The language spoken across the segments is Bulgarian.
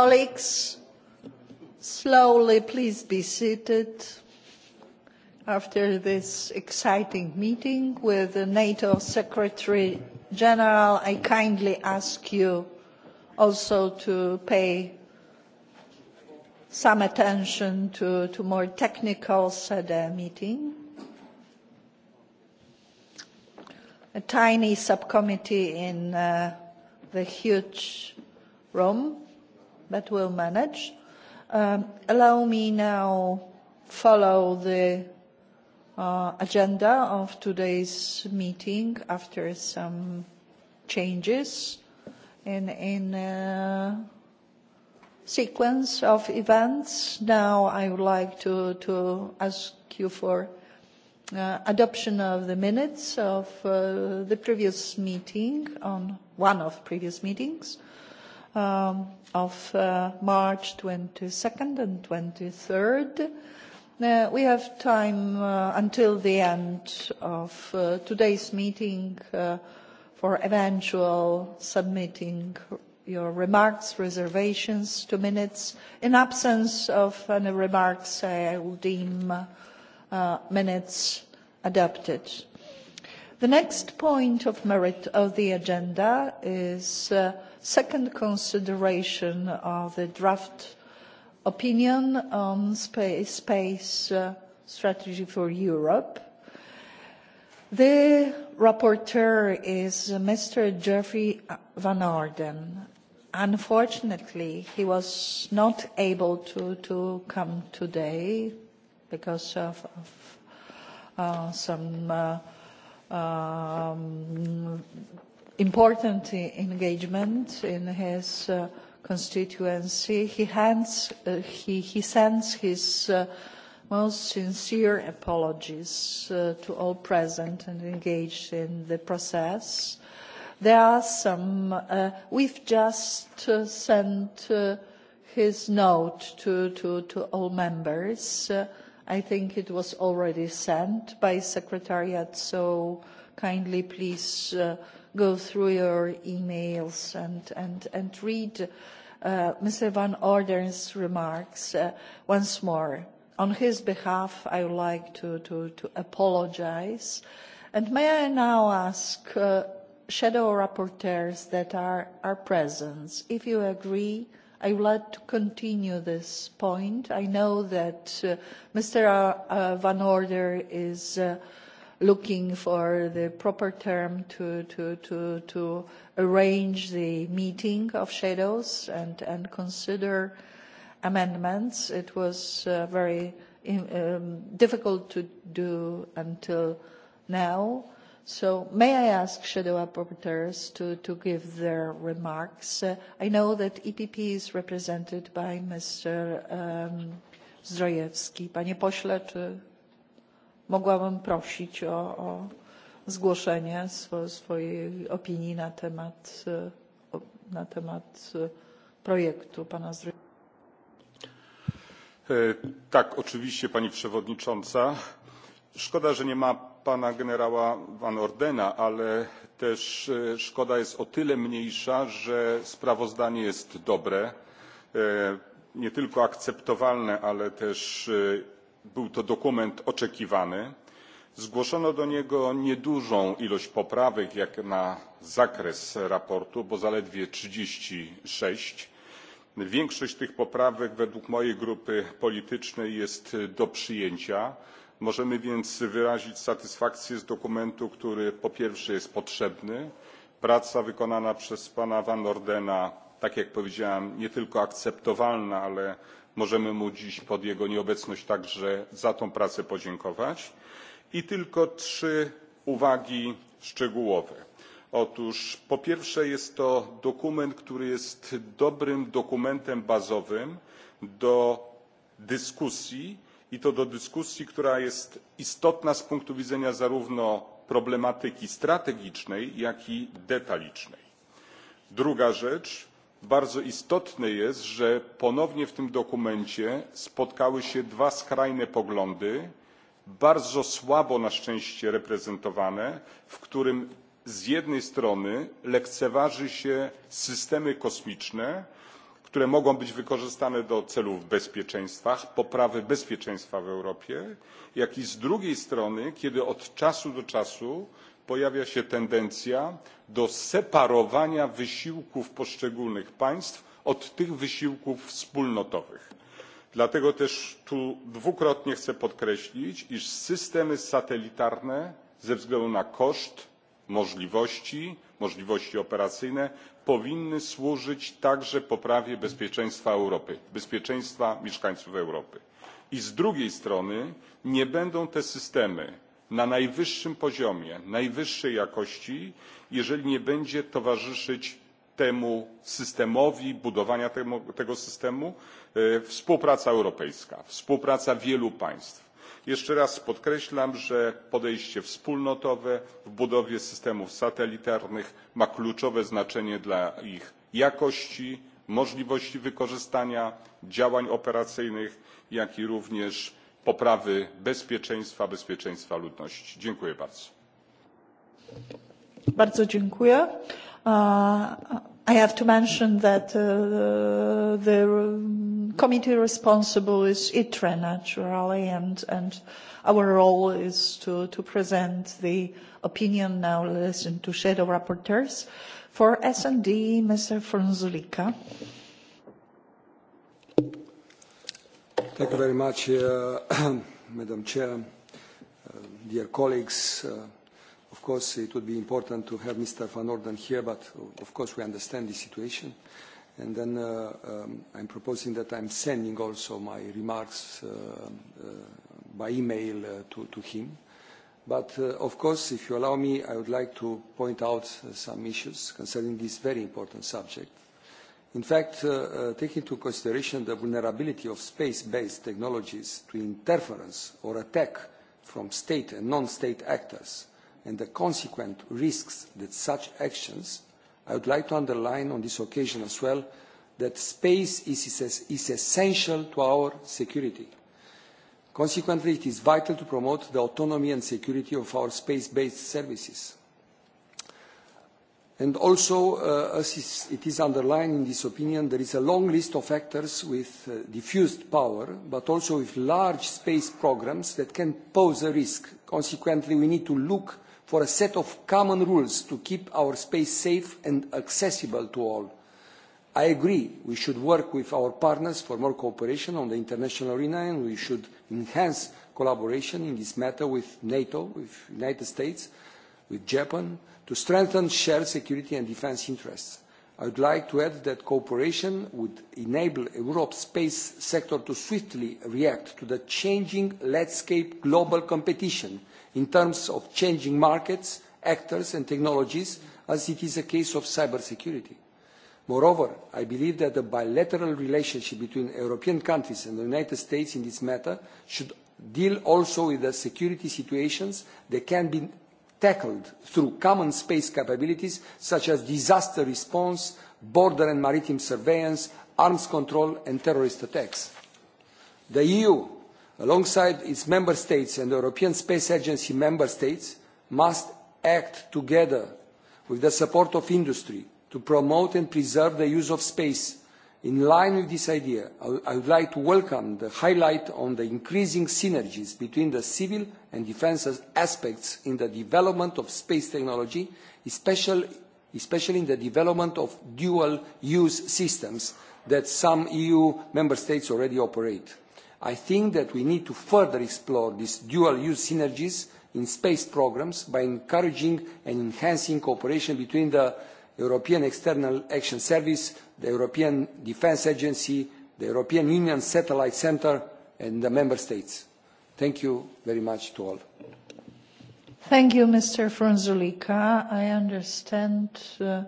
Colleagues, slowly please be seated after this exciting meeting with the NATO Secretary General. I kindly ask you also to pay some attention to, to more technical SEDE meeting. A tiny subcommittee in uh, the huge room but we'll manage. Um, allow me now follow the uh, agenda of today's meeting after some changes in, in uh, sequence of events. Now I would like to, to ask you for uh, adoption of the minutes of uh, the previous meeting on one of previous meetings of March 22nd and 23rd. Uh, we have time uh, until the end of uh, today's meeting uh, for eventual submitting your remarks, reservations, two minutes. In absence of any remarks, I will deem uh, minutes adopted. The next point of merit of the agenda is uh, second consideration of the draft opinion on space, space uh, strategy for Europe. The rapporteur is Mr. Geoffrey Van Orden. Unfortunately, he was not able to, to come today because of, of uh, some uh, um, important engagement in his uh, constituency. He, hands, uh, he, he sends his uh, most sincere apologies uh, to all present and engaged in the process. There are some, uh, we've just uh, sent uh, his note to, to, to all members. Uh, I think it was already sent by Secretariat, so kindly please uh, go through your emails and, and, and read uh, Mr. Van Orden's remarks uh, once more. On his behalf, I would like to, to, to apologize. And may I now ask uh, shadow rapporteurs that are, are present, if you agree, I would like to continue this point. I know that uh, Mr. Uh, Van Order is uh, looking for the proper term to, to, to, to arrange the meeting of shadows and, and consider amendments. It was uh, very um, difficult to do until now So may I ask shadow rapporteurs to, give their remarks? I know that EPP is represented by Mr. Zdrojewski. Panie pośle, czy mogłabym prosić o, zgłoszenie swojej opinii na temat projektu pana Zdrojewskiego? Tak, oczywiście pani przewodnicząca szkoda że nie ma pana generała van ordena ale też szkoda jest o tyle mniejsza że sprawozdanie jest dobre nie tylko akceptowalne ale też był to dokument oczekiwany. zgłoszono do niego niedużą ilość poprawek jak na zakres sprawozdania bo zaledwie trzydzieści sześć większość tych poprawek według mojej grupy politycznej jest do przyjęcia Możemy więc wyrazić satysfakcję z dokumentu, który po pierwsze jest potrzebny. Praca wykonana przez pana Van Ordena, tak jak powiedziałem, nie tylko akceptowalna, ale możemy mu dziś pod jego nieobecność także za tę pracę podziękować. I tylko trzy uwagi szczegółowe. Otóż po pierwsze jest to dokument, który jest dobrym dokumentem bazowym do dyskusji i to do dyskusji, która jest istotna z punktu widzenia zarówno problematyki strategicznej, jak i detalicznej. Druga rzecz, bardzo istotne jest, że ponownie w tym dokumencie spotkały się dwa skrajne poglądy, bardzo słabo na szczęście reprezentowane, w którym z jednej strony lekceważy się systemy kosmiczne, które mogą być wykorzystane do celów bezpieczeństwa poprawy bezpieczeństwa w europie jak i z drugiej strony kiedy od czasu do czasu pojawia się tendencja do separowania wysiłków poszczególnych państw od tych wysiłków wspólnotowych. dlatego też tu dwukrotnie chcę podkreślić iż systemy satelitarne ze względu na koszt możliwości możliwości operacyjne powinny służyć także poprawie bezpieczeństwa europy bezpieczeństwa mieszkańców europy i z drugiej strony nie będą te systemy na najwyższym poziomie najwyższej jakości jeżeli nie będzie towarzyszyć temu systemowi budowania tego systemu współpraca europejska współpraca wielu państw jeszcze raz podkreślam że podejście wspólnotowe w budowie systemów satelitarnych ma kluczowe znaczenie dla ich jakości możliwości wykorzystania działań operacyjnych jak i również poprawy bezpieczeństwa bezpieczeństwa ludności. dziękuję bardzo. I have to mention that uh, the committee responsible is ITRE naturally, and, and our role is to, to present the opinion now, listen to shadow rapporteurs. For S&D, Mr. Fronzulika. Thank you very much, uh, Madam Chair, uh, dear colleagues, uh, Of course, it would be important to have Mr. Van Orden here, but of course we understand the situation. And then uh, um, I'm proposing that I'm sending also my remarks uh, uh, by email uh, to, to him. But uh, of course, if you allow me, I would like to point out uh, some issues concerning this very important subject. In fact, uh, uh, taking into consideration the vulnerability of space-based technologies to interference or attack from state and non-state actors, and the consequent risks that such actions, I would like to underline on this occasion as well that space is essential to our security. Consequently, it is vital to promote the autonomy and security of our space-based services. And also, as it is underlined in this opinion, there is a long list of actors with diffused power, but also with large space programmes that can pose a risk. Consequently, we need to look for a set of common rules to keep our space safe and accessible to all. I agree we should work with our partners for more cooperation on the international arena and we should enhance collaboration in this matter with NATO, with the United States, with Japan, to strengthen shared security and defence interests I would like to add that cooperation would enable Europe's space sector to swiftly react to the changing landscape global competition in terms of changing markets, actors and technologies, as it is a case of cybersecurity. Moreover, I believe that the bilateral relationship between European countries and the United States in this matter should deal also with the security situations that can be tackled through common space capabilities such as disaster response, border and maritime surveillance, arms control and terrorist attacks. The EU, alongside its member states and the European Space Agency member states, must act together with the support of industry to promote and preserve the use of space In line with this idea, I would like to welcome the highlight on the increasing synergies between the civil and defence aspects in the development of space technology, especially in the development of dual-use systems that some EU member states already operate. I think that we need to further explore these dual-use synergies in space programmes by encouraging and enhancing cooperation between the European External Action Service, the European Defence Agency, the European Union Satellite Centre and the Member States. Thank you very much to all. Thank you, Mr. Frunzulica. I understand uh,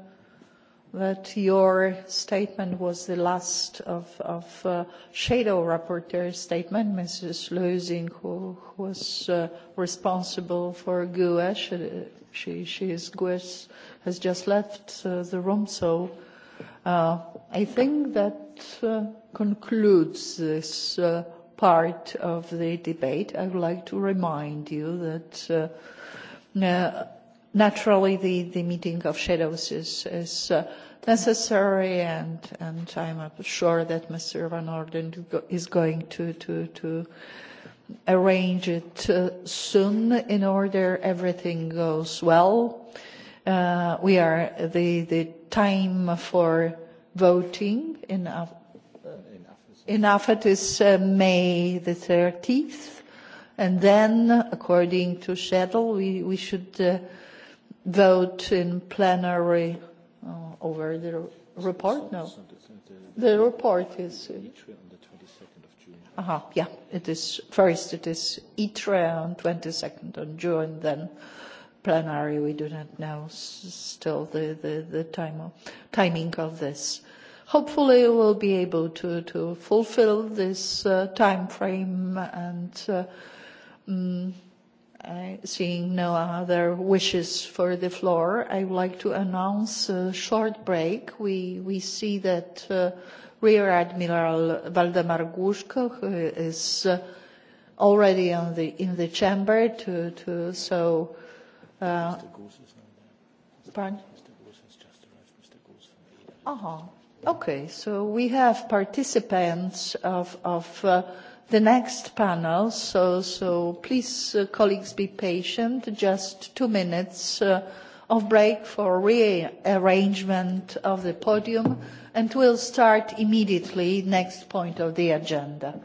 that your statement was the last of, of uh, shadow rapporteur's statement, Mrs. Leusing, who, who was uh, responsible for GUE. She, she, she is GUE, has just left uh, the room, so uh, I think that uh, concludes this uh, part of the debate. I would like to remind you that uh, uh, naturally the, the meeting of shadows is, is uh, necessary and, and I'm sure that Mr. Van Orden is going to, to, to arrange it uh, soon in order everything goes well. Uh, we are the, the time for voting in, uh, in AFET is uh, May the 13th. And then, according to schedule, we, we should uh, vote in plenary uh, over the report? No. The report is. Uh-huh, yeah, it is. First, it is ITRE on 22nd of June, then plenary. We do not know still the, the, the time of, timing of this. Hopefully, we will be able to, to fulfill this uh, time frame and uh, um, Seeing no other wishes for the floor, I would like to announce a short break. We we see that Rear Admiral Waldemar Głuszko, who is already in the in the chamber to to so. uh Pardon? Mr just arrived. Uh-huh. Okay. So we have participants of of uh the next panel, so, so please, uh, colleagues, be patient, just two minutes uh, of break for rearrangement of the podium, and we'll start immediately next point of the agenda.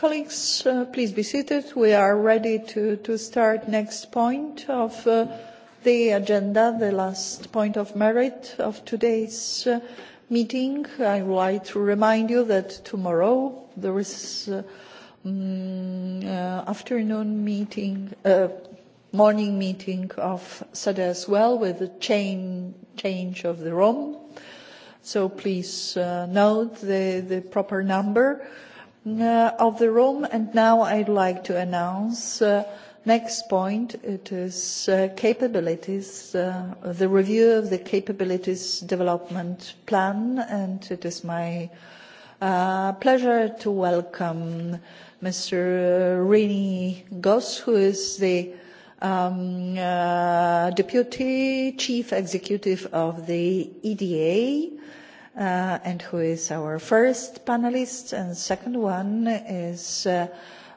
Colleagues, uh, please be seated. We are ready to, to start next point of uh, the agenda, the last point of merit of today's uh, meeting. I would like to remind you that tomorrow there is uh, uh, afternoon meeting, uh, morning meeting of SADA as well with the chain, change of the room. So please uh, note the, the proper number. Uh, of the room. And now I'd like to announce uh, next point. It is uh, capabilities, the review of the capabilities development plan. And it is my uh, pleasure to welcome Mr. Rini Goss, who is the um, uh, Deputy Chief Executive of the EDA uh, and who is our first panelist. And second one is uh,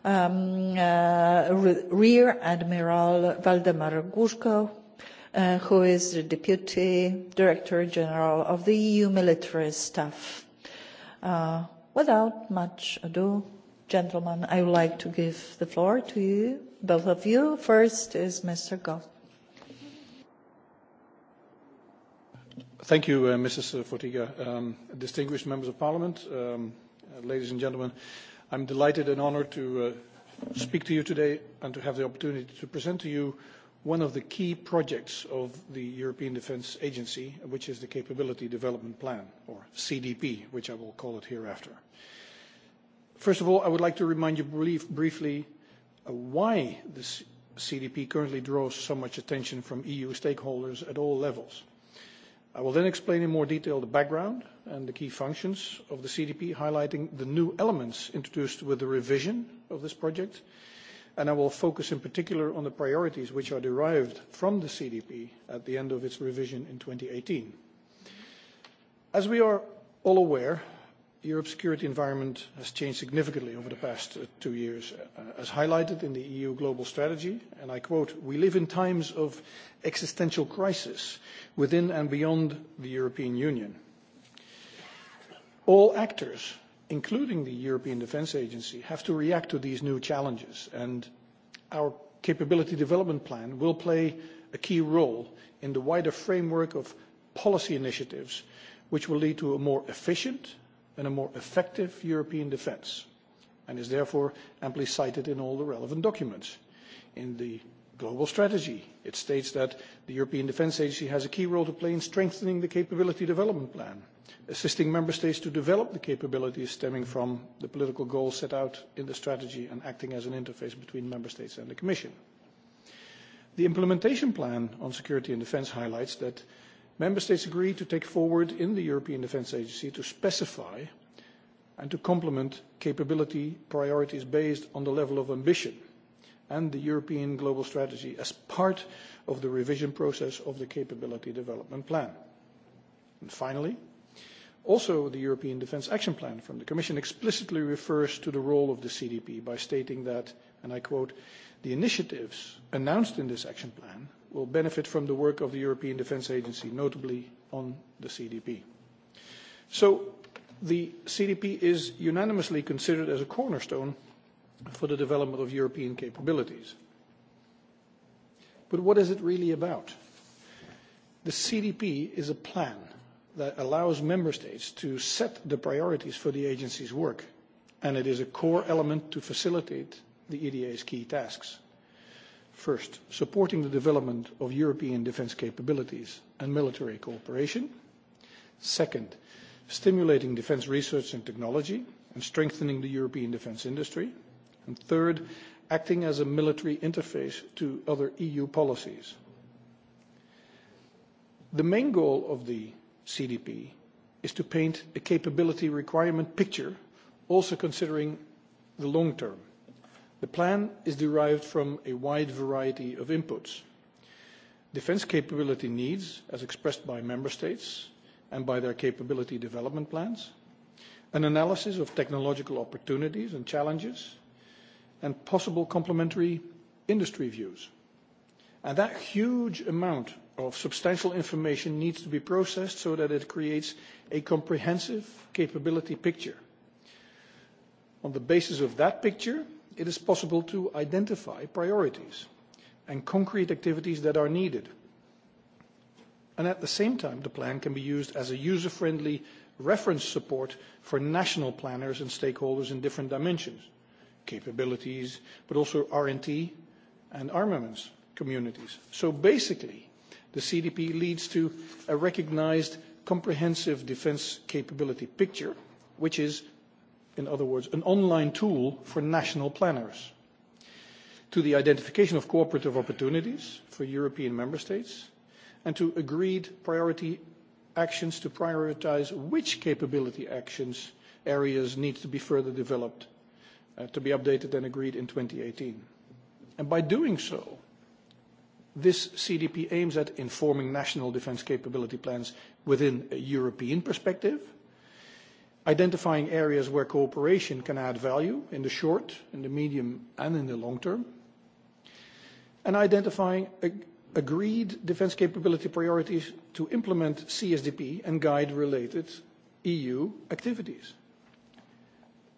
um, uh, Rear Admiral Valdemar Guzko, uh, who is the Deputy Director General of the EU Military Staff. Uh, without much ado, gentlemen, I would like to give the floor to you, both of you. First is Mr. Gott. Thank you, uh, Mrs. Fortiga. Um, distinguished members of parliament, um, ladies and gentlemen, I'm delighted and honored to uh, speak to you today and to have the opportunity to present to you one of the key projects of the European Defence Agency, which is the Capability Development Plan, or CDP, which I will call it hereafter. First of all, I would like to remind you briefly why the CDP currently draws so much attention from EU stakeholders at all levels. I will then explain in more detail the background and the key functions of the CDP, highlighting the new elements introduced with the revision of this project, and I will focus in particular on the priorities which are derived from the CDP at the end of its revision in eighteen. As we are all aware, Europe's security environment has changed significantly over the past two years, as highlighted in the EU Global Strategy, and I quote, "We live in times of existential crisis within and beyond the European Union. All actors, including the European Defence Agency, have to react to these new challenges, and our capability development plan will play a key role in the wider framework of policy initiatives, which will lead to a more efficient and a more effective European defence, and is therefore amply cited in all the relevant documents. In the global strategy, it states that the European Defence Agency has a key role to play in strengthening the capability development plan, assisting member states to develop the capabilities stemming from the political goals set out in the strategy and acting as an interface between member states and the Commission. The implementation plan on security and defence highlights that Member States agreed to take forward in the European Defence Agency to specify and to complement capability priorities based on the level of ambition and the European Global Strategy as part of the revision process of the Capability Development Plan. And finally, Also, the European Defence Action Plan from the Commission explicitly refers to the role of the CDP by stating that, and I quote, the initiatives announced in this action plan will benefit from the work of the European Defence Agency, notably on the CDP. So the CDP is unanimously considered as a cornerstone for the development of European capabilities. But what is it really about? The CDP is a plan that allows member states to set the priorities for the agency's work, and it is a core element to facilitate the EDA's key tasks. First, supporting the development of European defence capabilities and military cooperation. Second, stimulating defence research and technology and strengthening the European defence industry. And third, acting as a military interface to other EU policies. The main goal of the CDP is to paint a capability requirement picture, also considering the long term. The plan is derived from a wide variety of inputs. Defence capability needs, as expressed by member states and by their capability development plans, an analysis of technological opportunities and challenges, and possible complementary industry views. And That huge amount of substantial information needs to be processed so that it creates a comprehensive capability picture. On the basis of that picture, it is possible to identify priorities and concrete activities that are needed. And At the same time, the plan can be used as a user-friendly reference support for national planners and stakeholders in different dimensions, capabilities, but also R&T and armaments communities. So Basically, the CDP leads to a recognised comprehensive defence capability picture, which is, in other words, an online tool for national planners to the identification of cooperative opportunities for European member states and to agreed priority actions to prioritise which capability actions areas need to be further developed to be updated and agreed in 2018. And by doing so, This CDP aims at informing national defence capability plans within a European perspective, identifying areas where cooperation can add value in the short, in the medium, and in the long term, and identifying agreed defence capability priorities to implement CSDP and guide related EU activities.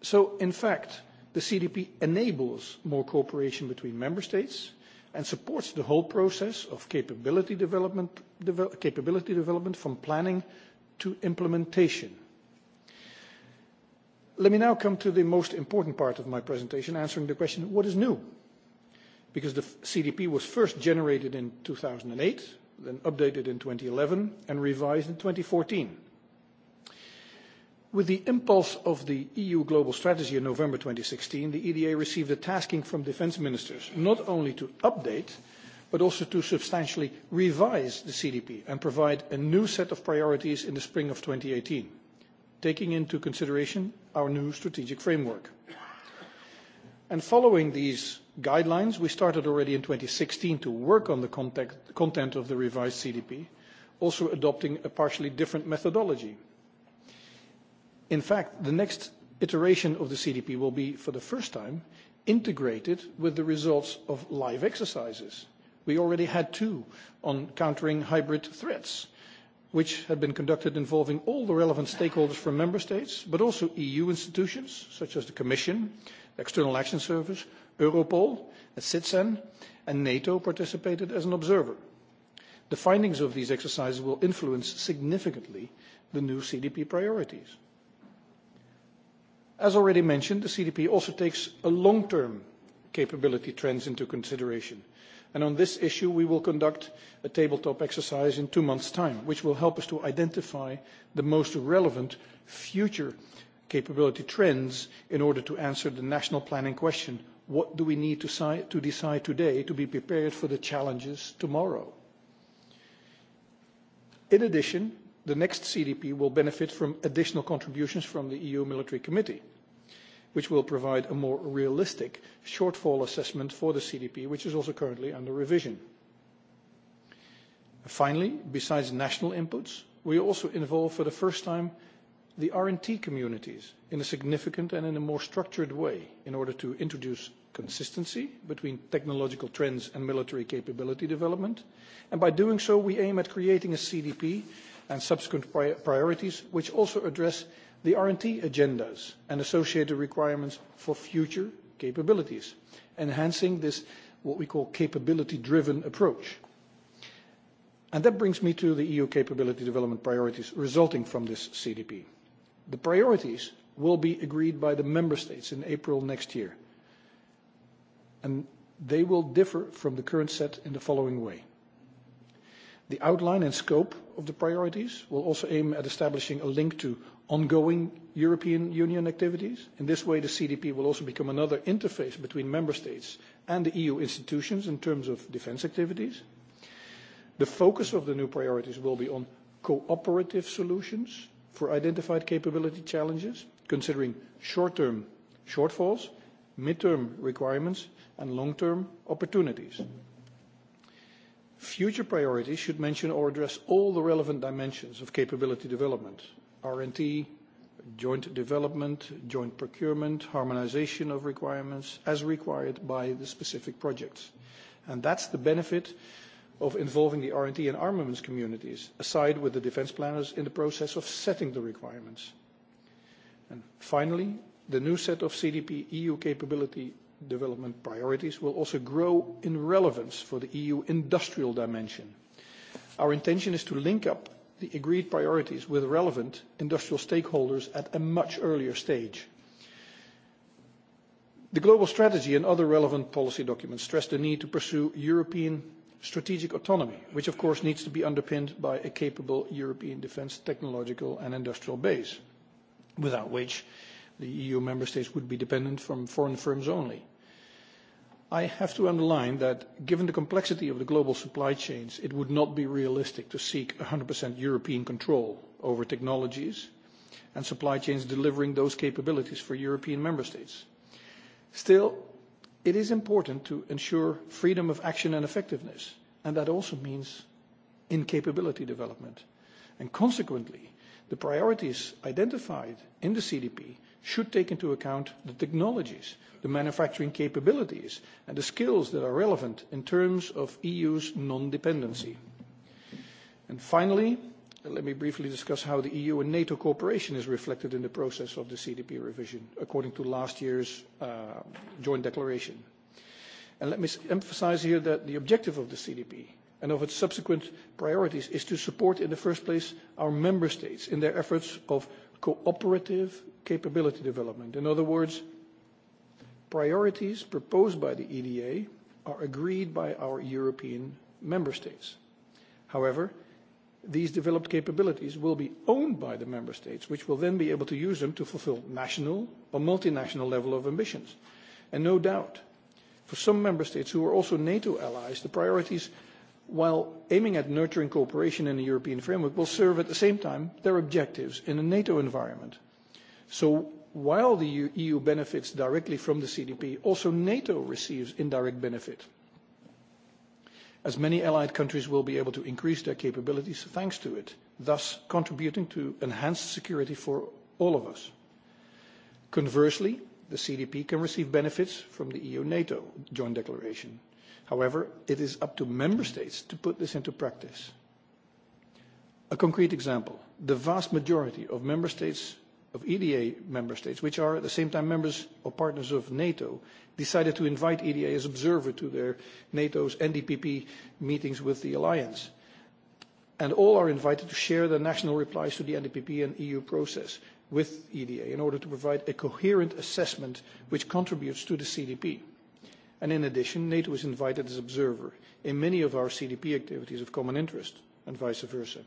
So, in fact, the CDP enables more cooperation between member states – and supports the whole process of capability development from planning to implementation. Let me now come to the most important part of my presentation, answering the question, what is new? Because the CDP was first generated in 2008, then updated in 2011, and revised in 2014. With the impulse of the EU Global Strategy in November sixteen, the EDA received a tasking from defence ministers not only to update, but also to substantially revise the CDP and provide a new set of priorities in the spring of eighteen, taking into consideration our new strategic framework. And Following these guidelines, we started already in sixteen to work on the content of the revised CDP, also adopting a partially different methodology In fact, the next iteration of the CDP will be, for the first time, integrated with the results of live exercises. We already had two on countering hybrid threats, which had been conducted involving all the relevant stakeholders from member states, but also EU institutions such as the Commission, the External Action Service, Europol, CITSEN, and NATO participated as an observer. The findings of these exercises will influence significantly the new CDP priorities. As already mentioned, the CDP also takes a long-term capability trends into consideration. and On this issue, we will conduct a tabletop exercise in two months' time, which will help us to identify the most relevant future capability trends in order to answer the national planning question, what do we need to decide today to be prepared for the challenges tomorrow? In addition, the next CDP will benefit from additional contributions from the EU Military Committee, which will provide a more realistic shortfall assessment for the CDP, which is also currently under revision. Finally, besides national inputs, we also involve for the first time the R&T communities in a significant and in a more structured way in order to introduce consistency between technological trends and military capability development. And by doing so, we aim at creating a CDP and subsequent priorities, which also address the R&D agendas and associated requirements for future capabilities, enhancing this, what we call capability-driven approach. That brings me to the EU capability development priorities resulting from this CDP. The priorities will be agreed by the member states in April next year, and they will differ from the current set in the following way. The outline and scope of the priorities will also aim at establishing a link to ongoing European Union activities. In this way, the CDP will also become another interface between member states and the EU institutions in terms of defence activities. The focus of the new priorities will be on cooperative solutions for identified capability challenges, considering short-term shortfalls, mid-term requirements, and long-term opportunities. Future priorities should mention or address all the relevant dimensions of capability development, R&D, joint development, joint procurement, harmonization of requirements as required by the specific projects. And that's the benefit of involving the R&D and armaments communities, aside with the defense planners in the process of setting the requirements. And finally, the new set of CDP EU capability development priorities will also grow in relevance for the EU industrial dimension. Our intention is to link up the agreed priorities with relevant industrial stakeholders at a much earlier stage. The global strategy and other relevant policy documents stress the need to pursue European strategic autonomy, which of course needs to be underpinned by a capable European defence technological and industrial base, without which the EU member states would be dependent on foreign firms only. I have to underline that given the complexity of the global supply chains, it would not be realistic to seek 100% European control over technologies and supply chains delivering those capabilities for European member states. Still, it is important to ensure freedom of action and effectiveness, and that also means in capability development. And consequently, the priorities identified in the CDP should take into account the technologies, the manufacturing capabilities, and the skills that are relevant in terms of EU's non-dependency. And Finally, let me briefly discuss how the EU and NATO cooperation is reflected in the process of the CDP revision, according to last year's joint declaration. And Let me emphasize here that the objective of the CDP and of its subsequent priorities is to support, in the first place, our member states in their efforts of cooperative capability development. In other words, priorities proposed by the EDA are agreed by our European member states. However, these developed capabilities will be owned by the member states, which will then be able to use them to fulfill national or multinational level of ambitions. And no doubt, for some member states who are also NATO allies, the priorities, while aiming at nurturing cooperation in the European framework, will serve at the same time their objectives in a NATO environment – So while the EU benefits directly from the CDP, also NATO receives indirect benefit, as many allied countries will be able to increase their capabilities thanks to it, thus contributing to enhanced security for all of us. Conversely, the CDP can receive benefits from the EU-NATO joint declaration. However, it is up to member states to put this into practice. A concrete example, the vast majority of member states of EDA member states, which are at the same time members or partners of NATO, decided to invite EDA as observer to their NATO's NDPP meetings with the alliance. And all are invited to share their national replies to the NDPP and EU process with EDA in order to provide a coherent assessment which contributes to the CDP. And in addition, NATO is invited as observer in many of our CDP activities of common interest and vice versa.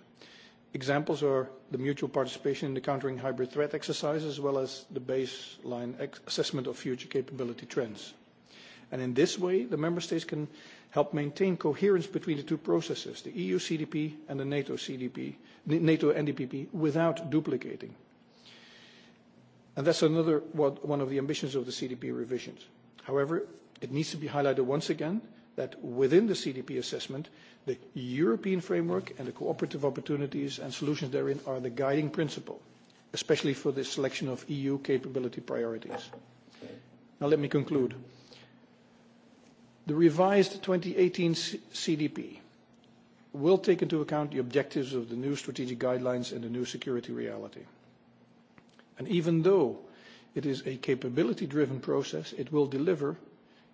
Examples are the mutual participation in the Countering Hybrid Threat exercise, as well as the baseline assessment of future capability trends. And In this way, the member states can help maintain coherence between the two processes, the EU CDP and the NATO CDP, NATO NDPP, without duplicating. And That's another one of the ambitions of the CDP revisions. However, it needs to be highlighted once again that within the CDP assessment, the European framework and the cooperative opportunities and solutions therein are the guiding principle, especially for the selection of EU capability priorities. Now let me conclude. The revised 2018 CDP will take into account the objectives of the new strategic guidelines and the new security reality. And even though it is a capability-driven process, it will deliver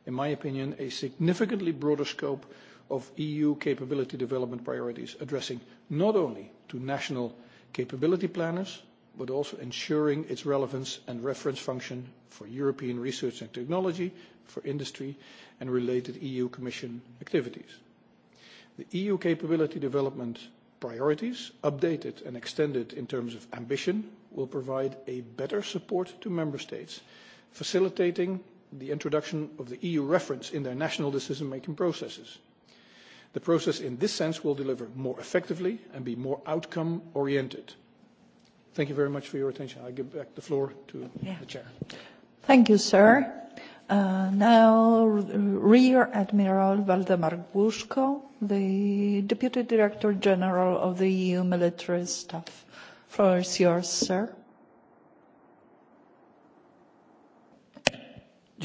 in my opinion, a significantly broader scope of EU capability development priorities, addressing not only to national capability planners, but also ensuring its relevance and reference function for European research and technology, for industry, and related EU Commission activities. The EU capability development priorities, updated and extended in terms of ambition, will provide a better support to member states, facilitating the introduction of the EU reference in their national decision-making processes. The process in this sense will deliver more effectively and be more outcome-oriented. Thank you very much for your attention. I give back the floor to the chair. Thank you, sir. Now, Rear Admiral Valdemar Głuszko, the Deputy Director General of the EU Military Staff. Floor is yours, sir.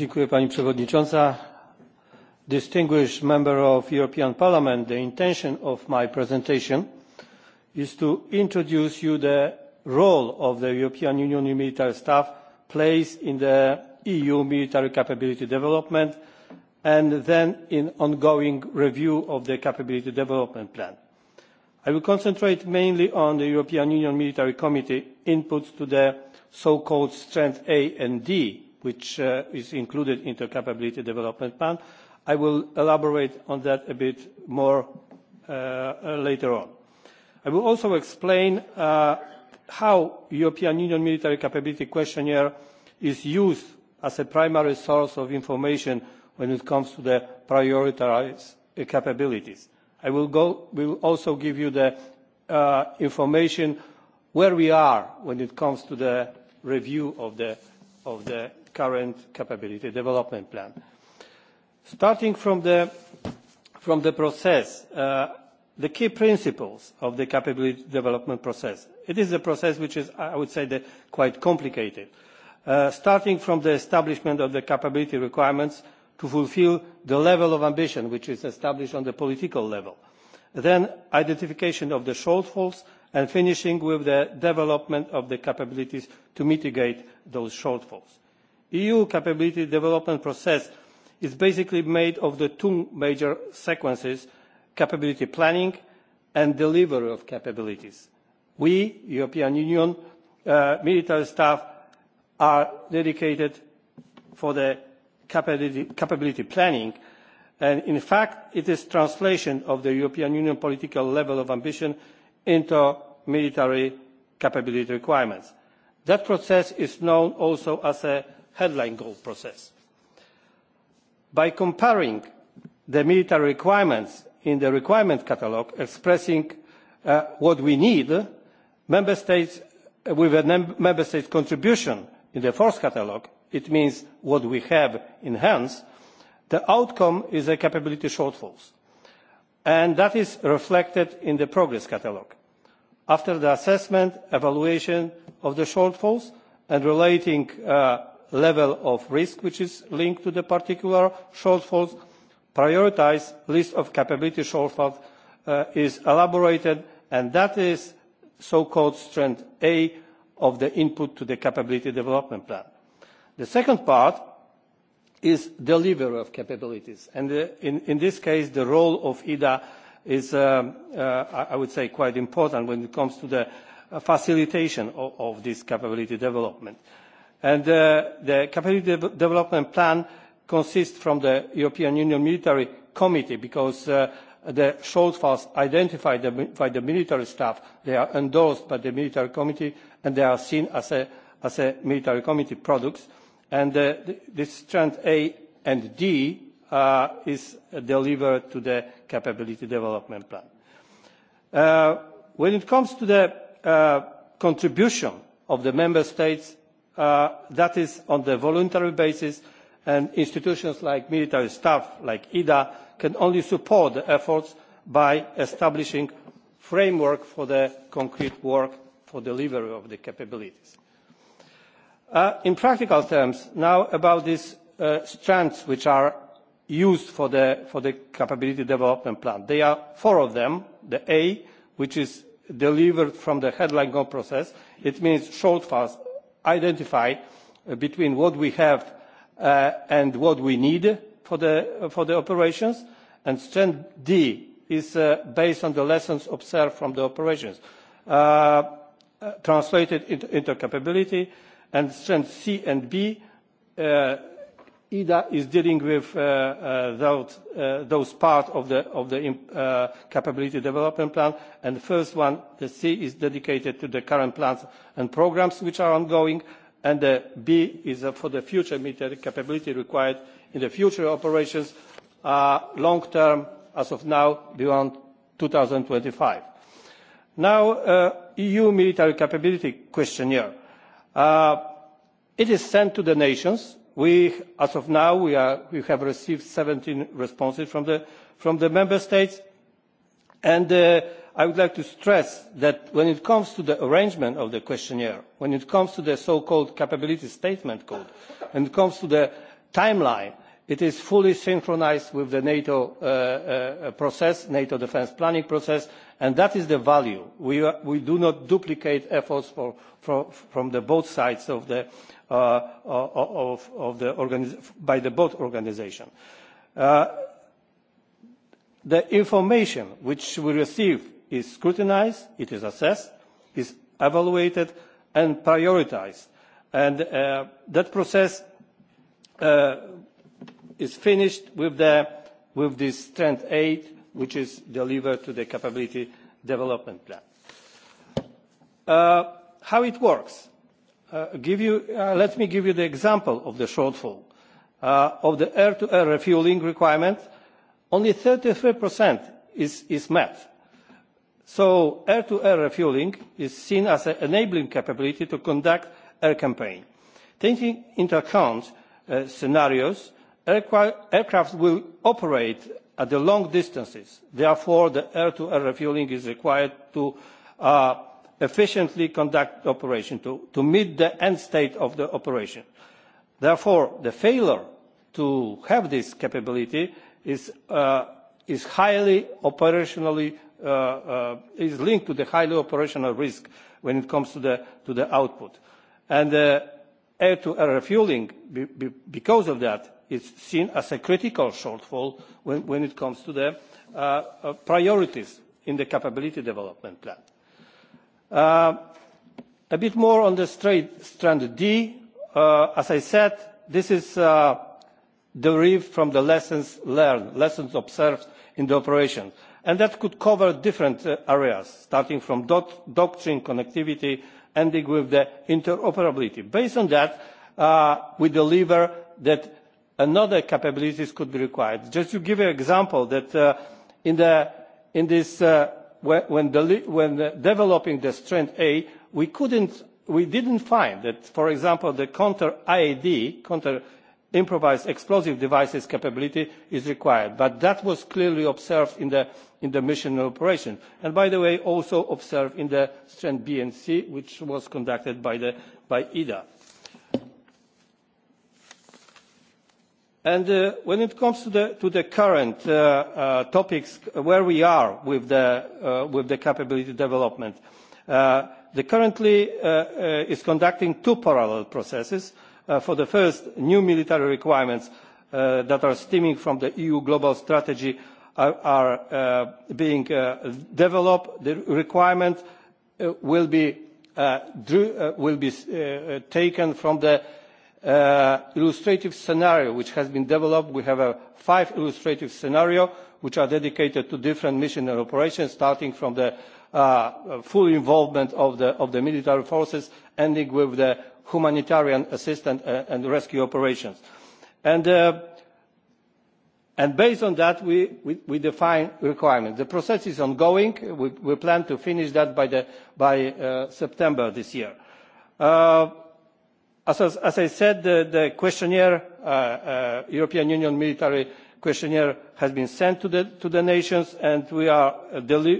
pani przewodnicząca! distinguished Member of the european parliament the intention of my presentation is to introduce you to the role of the european union military staff plays in the eu military capability development and then in ongoing review of the capability development plan. i will concentrate mainly on the european union military committee inputs to the so called strength a and d which uh, is included in the capability development plan. I will elaborate on that a bit more later on. I will also explain how European Union Military Capability Questionnaire is used as a primary source of information when it comes to the prioritized capabilities. I will, go, will also give you the uh, information where we are when it comes to the review of the, of the current capability development plan. Starting from the, from the process, uh, the key principles of the capability development process. It is a process which is, I would say, the, quite complicated. Uh, starting from the establishment of the capability requirements to fulfill the level of ambition which is established on the political level. Then identification of the shortfalls and finishing with the development of the capabilities to mitigate those shortfalls eu capability development process is basically made of the two major sequences capability planning and delivery of capabilities. we the european union military staff are dedicated for the capability planning and in fact it is translation of the european union political level of ambition into military capability requirements. that process is known also as headline goal process. By comparing the military requirements in the requirement catalogue expressing uh, what we need, member states with a member state contribution in the force catalogue, it means what we have in hands, the outcome is a capability shortfall. And that is reflected in the progress catalogue. After the assessment, evaluation of the shortfalls and relating uh, level of risk which is linked to the particular shortfalls. prioritised list of capability shortfalls is elaborated and that is so called strand A of the input to the capability development plan. The second part is delivery of capabilities and in this case the role of EDA is I would say quite important when it comes to the facilitation of this capability development. Uh, and the capacity development plan consists from the european union military committee because the shortfalls identified by the military staff they are endorsed by the military committee and they are seen as a, as a military committee products and uh, this strand a and d uh, is delivered to the capability development plan uh, when it comes to the uh, contribution of the member states that is on a voluntary basis and institutions like military staff like eda can only support the efforts by establishing a framework for the concrete work for delivery of the capabilities. in practical terms now about these strands which are used for the capability development plan there are four of them the a which is delivered from the headline goal process it means shortfalls identify between what we have uh, and what we need for the, for the operations. And strand D is uh, based on the lessons observed from the operations, uh, translated into, into capability. And strand C and B EDA is dealing with uh, uh, those, uh, those part of the, of the uh, capability development plan. And the first one, the C, is dedicated to the current plans and programs which are ongoing. And the B is uh, for the future military capability required in the future operations, uh, long term, as of now, beyond 2025. Now, uh, EU military capability questionnaire. Uh, it is sent to the nations as of now we have received seventeen responses from the member states and i would like to stress that when it comes to the arrangement of the questionnaire when it comes to the so called capability statement code when it comes to the timeline it is fully synchronised with the nato process the nato defence planning process and that is the value. We, are, we do not duplicate efforts for, for, from the both sides of the, uh, of, of the by the both organisations. Uh, the information which we receive is scrutinized, it is assessed, is evaluated and prioritized. And uh, that process uh, is finished with, the, with this strength aid which is delivered to the capability development plan. Uh, how it works? Uh, give you, uh, let me give you the example of the shortfall. Uh, of the air-to-air refueling requirement, only 33% is, is met. So air-to-air refueling is seen as an enabling capability to conduct air campaign. Taking into account uh, scenarios, aircraft will operate at the long distances. Therefore, the air-to-air refueling is required to uh, efficiently conduct operation, to, to meet the end state of the operation. Therefore, the failure to have this capability is, uh, is highly operationally uh, uh, is linked to the highly operational risk when it comes to the to the output, and uh, air-to-air refueling be, be, because of that is seen as a critical shortfall when, when it comes to the uh, uh, priorities in the capability development plan. Uh, a bit more on the straight, strand D. Uh, as I said, this is uh, derived from the lessons learned, lessons observed in the operation. And that could cover different uh, areas, starting from dot, doctrine, connectivity, ending with the interoperability. Based on that, uh, we deliver that another capabilities could be required. Just to give you an example, that uh, in, the, in this, uh, when, the, when developing the strength A, we couldn't, we didn't find that, for example, the counter IED, counter improvised explosive devices capability is required. But that was clearly observed in the, in the mission operation. And by the way, also observed in the strength B and C, which was conducted by, the, by EDA And when it comes to the, to the current uh, uh, topics, where we are with the, uh, with the capability development, uh, the currently uh, uh, is conducting two parallel processes. Uh, for the first, new military requirements uh, that are stemming from the EU global strategy are, are uh, being uh, developed. The requirement uh, will be, uh, drew, uh, will be uh, taken from the uh, illustrative scenario which has been developed. We have uh, five illustrative scenarios which are dedicated to different missions and operations, starting from the uh, full involvement of the, of the military forces, ending with the humanitarian assistance uh, and rescue operations. And, uh, and based on that, we, we, we define requirements. The process is ongoing. We, we plan to finish that by, the, by uh, September this year. Uh, As, I said, the, the questionnaire, uh, European Union military questionnaire has been sent to the, to the nations and we are,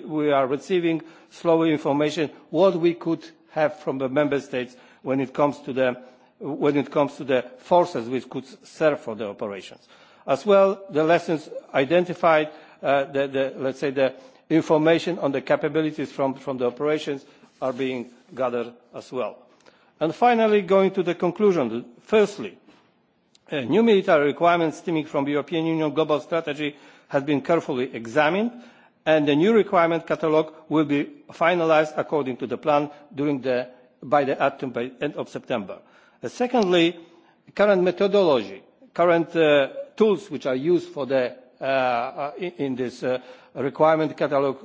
we are receiving slowly information on what we could have from the member states when it comes to the, when it comes to the forces which could serve for the operations. As well, the lessons identified, uh, the, the, let's say the information on the capabilities from, from the operations are being gathered as well and finally going to the conclusion firstly new military requirements stemming from the european union global strategy have been carefully examined and the new requirement catalogue will be finalised according to the plan by the by the end of september. secondly the current methodology current tools which are used in this requirement catalogue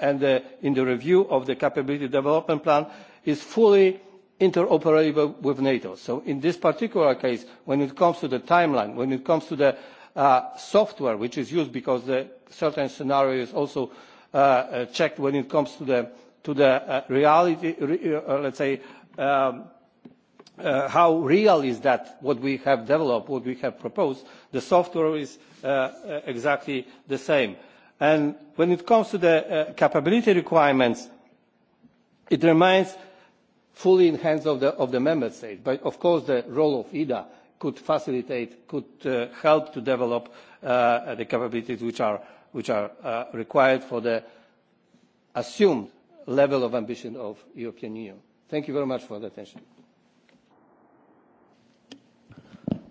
and in the review of the capability development plan is fully interoperable with NATO. So in this particular case, when it comes to the timeline, when it comes to the uh, software which is used because the certain scenario is also uh, uh, checked when it comes to the, to the uh, reality, re, uh, let's say, um, uh, how real is that what we have developed, what we have proposed, the software is uh, exactly the same. And when it comes to the uh, capability requirements, it remains fully in the hands of the, of the member states. But of course, the role of EDA could facilitate, could uh, help to develop uh, the capabilities which are, which are uh, required for the assumed level of ambition of the European Union. Thank you very much for the attention.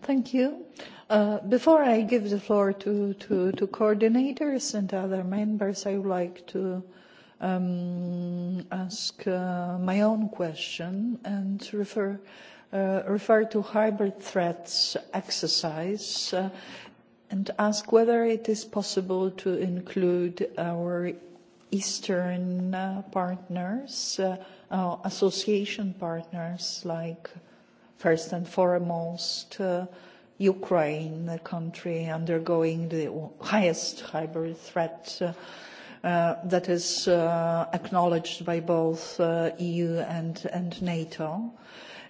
Thank you. Uh, before I give the floor to, to, to coordinators and other members, I would like to um, ask uh, my own question and refer, uh, refer to hybrid threats exercise uh, and ask whether it is possible to include our Eastern uh, partners, uh, our association partners like first and foremost uh, Ukraine, the country undergoing the highest hybrid threat uh, that is acknowledged by both the EU and, NATO.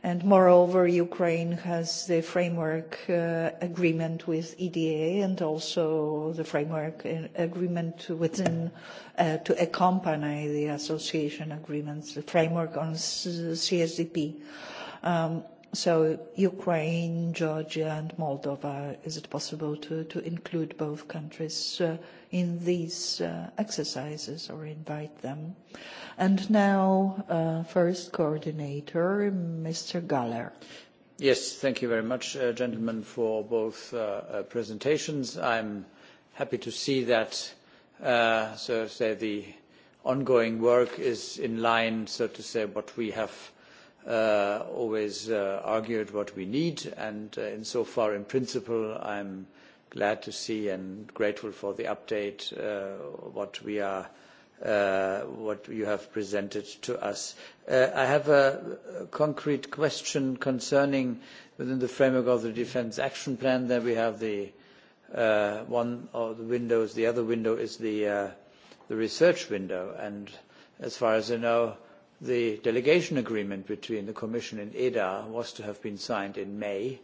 And moreover, Ukraine has the framework agreement with EDA and also the framework agreement within to accompany the association agreements, the framework on CSDP So Ukraine, Georgia, and Moldova, is it possible to, to include both countries in these uh, exercises or invite them? And now, uh, first coordinator, Mr. Galler. Yes, thank you very much, uh, gentlemen, for both uh, uh, presentations. I'm happy to see that, uh, so to say, the ongoing work is in line, so to say, what we have uh, always uh, argued what we need, and uh, far in principle, I'm glad to see and grateful for the update uh, what we are uh, what you have presented to us. Uh, I have a, concrete question concerning within the framework of the Defence Action Plan. that we have the uh, one of the windows. The other window is the uh, the research window, and as far as I know, The delegation agreement between the Commission and EDA was to have been signed in May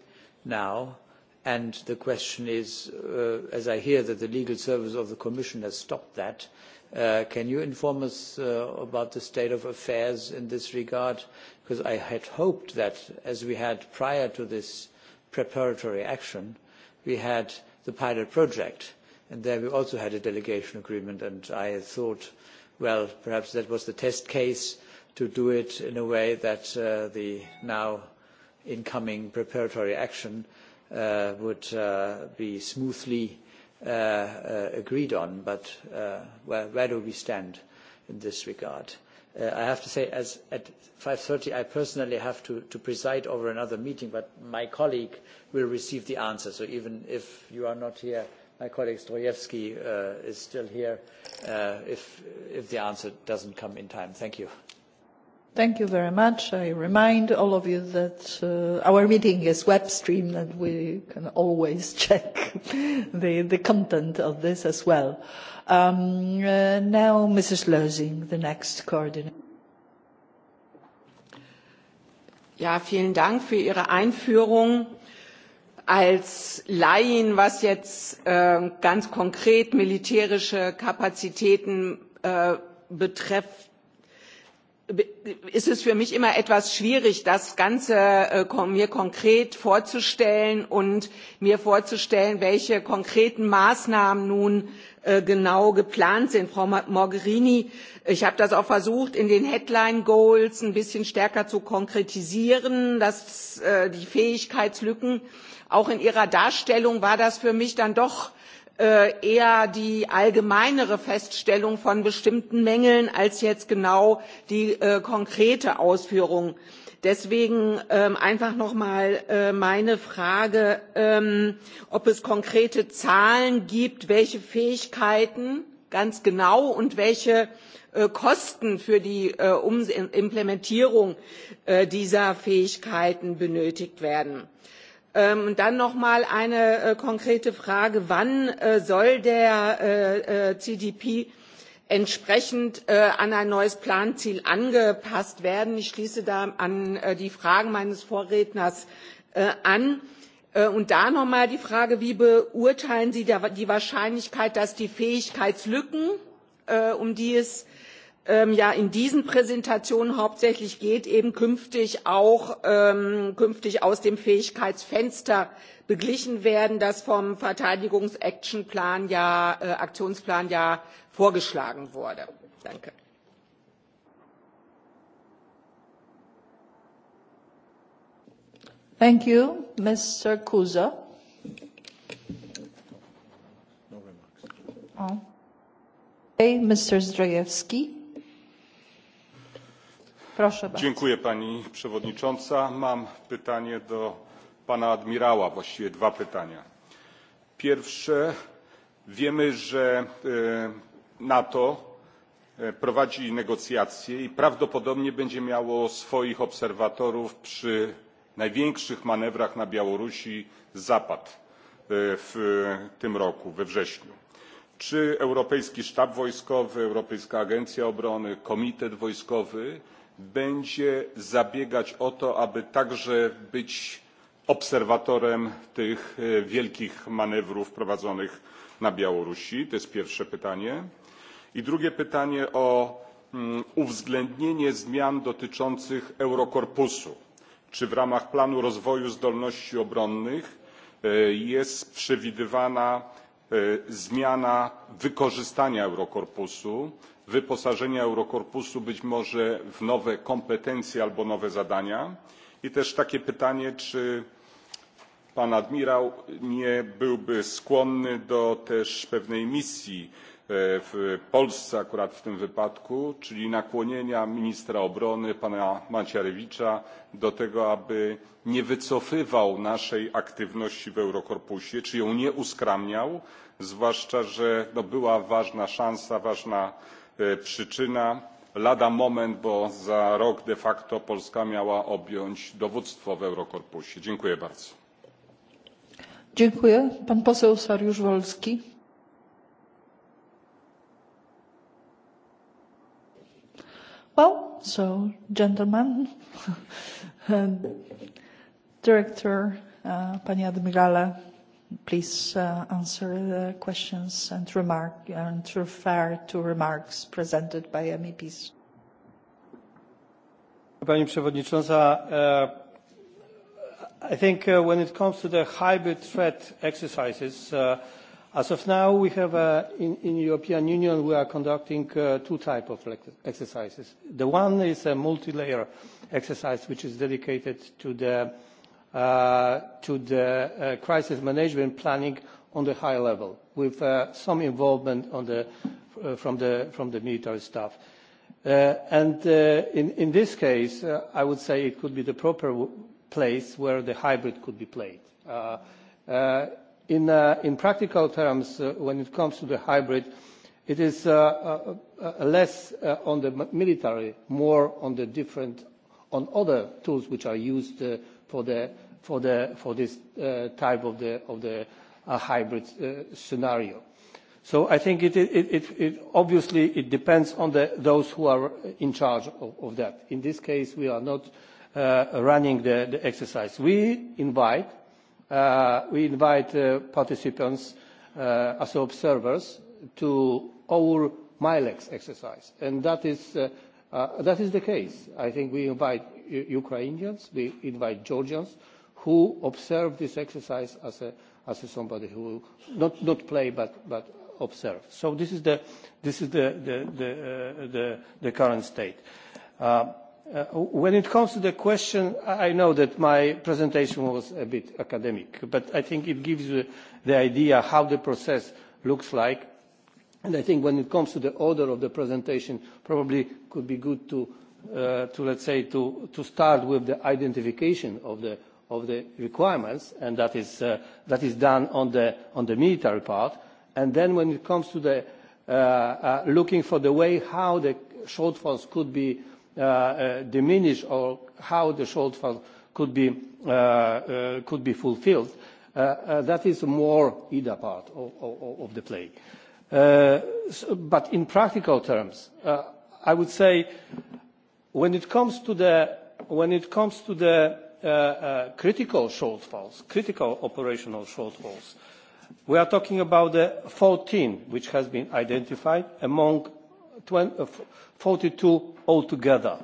now, and the question is, as I hear that the legal service of the Commission has stopped that, can you inform us about the state of affairs in this regard? Because I had hoped that, as we had prior to this preparatory action, we had the pilot project, and there we also had a delegation agreement, and I thought, well, perhaps that was the test case, to do it in a way that the now incoming preparatory action would be smoothly agreed on. But where do we stand in this regard? I have to say, as at 5:30, I personally have to, to preside over another meeting, but my colleague will receive the answer. So even if you are not here, my colleague Strojewski uh, is still here. Uh, if if the answer doesn't come in time, thank you. Thank you very much. I remind all of you that uh, our meeting is web streamed and we can always check the, the content of this as well. Um, uh, now, Mrs. Lösing, the next coordinator. Ja, vielen Dank für Ihre Einführung. Als Laien, was jetzt äh, ganz konkret militärische Kapazitäten äh, betrifft, ist es für mich immer etwas schwierig, das Ganze mir konkret vorzustellen und mir vorzustellen, welche konkreten Maßnahmen nun genau geplant sind. Frau Mogherini, ich habe das auch versucht, in den Headline Goals ein bisschen stärker zu konkretisieren, dass die Fähigkeitslücken auch in ihrer Darstellung war das für mich dann doch eher die allgemeinere feststellung von bestimmten mängeln als jetzt genau die konkrete ausführung. deswegen einfach noch mal meine frage ob es konkrete zahlen gibt welche fähigkeiten ganz genau und welche kosten für die implementierung dieser fähigkeiten benötigt werden. Und dann noch mal eine konkrete Frage. Wann soll der CDP entsprechend an ein neues Planziel angepasst werden? Ich schließe da an die Fragen meines Vorredners an. Und da noch mal die Frage, wie beurteilen Sie die Wahrscheinlichkeit, dass die Fähigkeitslücken, um die es ja in diesen Präsentationen hauptsächlich geht, eben künftig auch künftig aus dem Fähigkeitsfenster beglichen werden, das vom Verteidigungs-Action-Plan ja, Aktionsplan ja vorgeschlagen wurde. Danke. Thank you. Mr. No remarks. Oh. Mr pani przewodnicząca! mam pytanie do pana admirała właściwie dwa pytania. pierwsze wiemy że nato prowadzi negocjacje i prawdopodobnie będzie miało swoich obserwatorów przy największych manewrach na białorusi zapad w tym roku we wrześniu. czy europejski sztab wojskowy europejska agencja obrony komitet wojskowy będzie zabiegać o to, aby także być obserwatorem tych wielkich manewrów prowadzonych na Białorusi? To jest pierwsze pytanie. I drugie pytanie o uwzględnienie zmian dotyczących Eurokorpusu. Czy w ramach planu rozwoju zdolności obronnych jest przewidywana zmiana wykorzystania Eurokorpusu? wyposażenia eurokorpusu być może w nowe kompetencje albo nowe zadania i też takie pytanie czy pan admirał nie byłby skłonny do pewnej misji w polsce akurat w tym wypadku czyli nakłonienia ministra obrony pana macierewicza do tego aby nie wycofywał naszej aktywności w eurokorpusie czy ją nie uskramniał, zwłaszcza że była ważna szansa ważna przyczyna lada moment bo za rok de facto polska miała objąć dowództwo w eurokorpusie. dziękuję bardzo. well so gentlemen director uh, panie admirale Please answer the questions and remark and refer to remarks presented by MEPs. Pani Przewodnicząca, I think when it comes to the hybrid threat exercises, as of now, we have in the European Union, we are conducting two types of exercises. The one is a multi-layer exercise, which is dedicated to the to the crisis management planning on the high level, with some involvement on the from the from the military staff. Uh And uh in in this case, uh I would say it could be the proper place where the hybrid could be played. Uh uh In uh in practical terms, uh when it comes to the hybrid, it is uh uh uh less uh on the military, more on the different, on other tools which are used uh for the for the for this uh, type of the of the uh, hybrid uh, scenario. So I think it, it, it, it obviously it depends on the, those who are in charge of, of that. In this case, we are not uh, running the, the exercise. We invite uh, we invite uh, participants uh, as observers to our Milex exercise, and that is. Uh, uh, that is the case. I think we invite Ukrainians, we invite Georgians, who observed this exercise as a as a somebody who not not play but but observe. So this is the this is the the the, uh, the, the current state. Uh, uh, when it comes to the question, I know that my presentation was a bit academic, but I think it gives you the idea how the process looks like. And I think when it comes to the order of the presentation, probably could be good to, uh, to let's say, to, to start with the identification of the of the requirements, and that is, uh, that is done on the, on the military part. And then when it comes to the, uh, uh, looking for the way how the shortfalls could be uh, uh, diminished or how the shortfall could be, uh, uh, could be fulfilled, uh, uh, that is more IDA part of, of, of the play. Uh, so, but in practical terms, uh, I would say when it comes to the, when it comes to the critical shortfalls, critical operational shortfalls. We are talking about the 14 which has been identified among 42 altogether.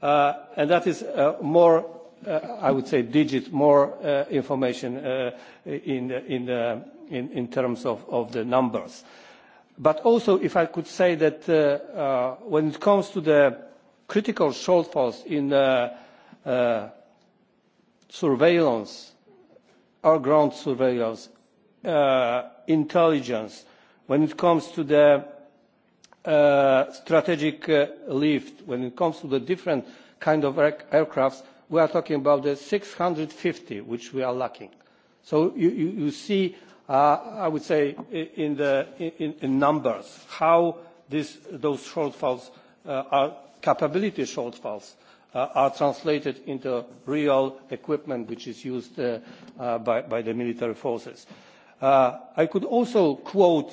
And that is more, I would say, digit, more information in terms of the numbers. But also, if I could say that when it comes to the critical shortfalls in surveillance, our ground surveillance, uh, intelligence, when it comes to the uh, strategic uh, lift, when it comes to the different kind of aircrafts, we are talking about the 650, which we are lacking. So you, you, you see, uh, I would say, in, the, in, in numbers, how this, those shortfalls uh, are capability shortfalls. Uh, are translated into real equipment which is used by the military forces. I could also quote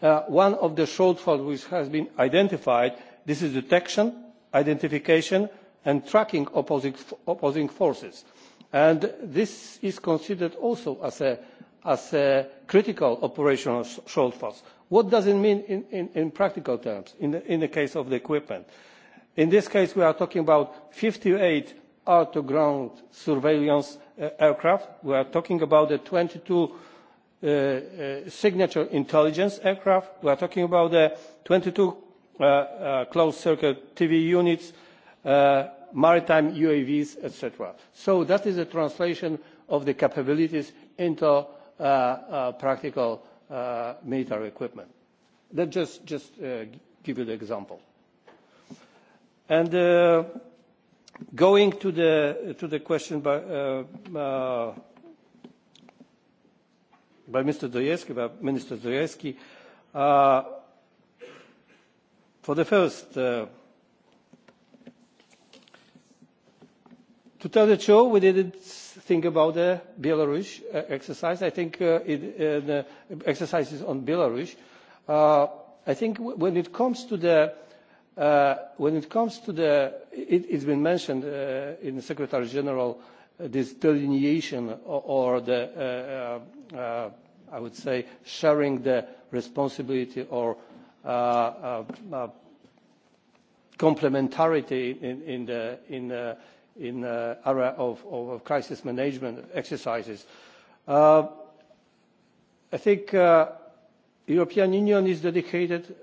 one of the shortfalls which has been identified. This is detection, identification and tracking opposing forces. And this is considered also as a, as a critical operational shortfall. What does it mean in, in, in practical terms in the, in the case of the equipment? Uh, in this case we are talking about fifty eight out to ground surveillance aircraft we are talking about the twenty two signature intelligence aircraft we are talking about the twenty two closed circuit tv units maritime uavs etc. so that is a translation of the capabilities into practical military equipment. let me just give you the example And going to the to the question by Mr. Dostoevsky, by Minister Dostoevsky, for the first. Uh, to tell the truth, we didn't think about the Belarus uh, exercise. I think uh, it, the exercises on Belarus. Uh, I think w when it comes to the when it comes to the, it, it's been mentioned uh, in the Secretary General uh, this delineation or, or the, uh, uh, I would say, sharing the responsibility or uh, uh, uh, complementarity in, in the in the in the area of, of crisis management exercises. Uh, I think uh, European Union is dedicated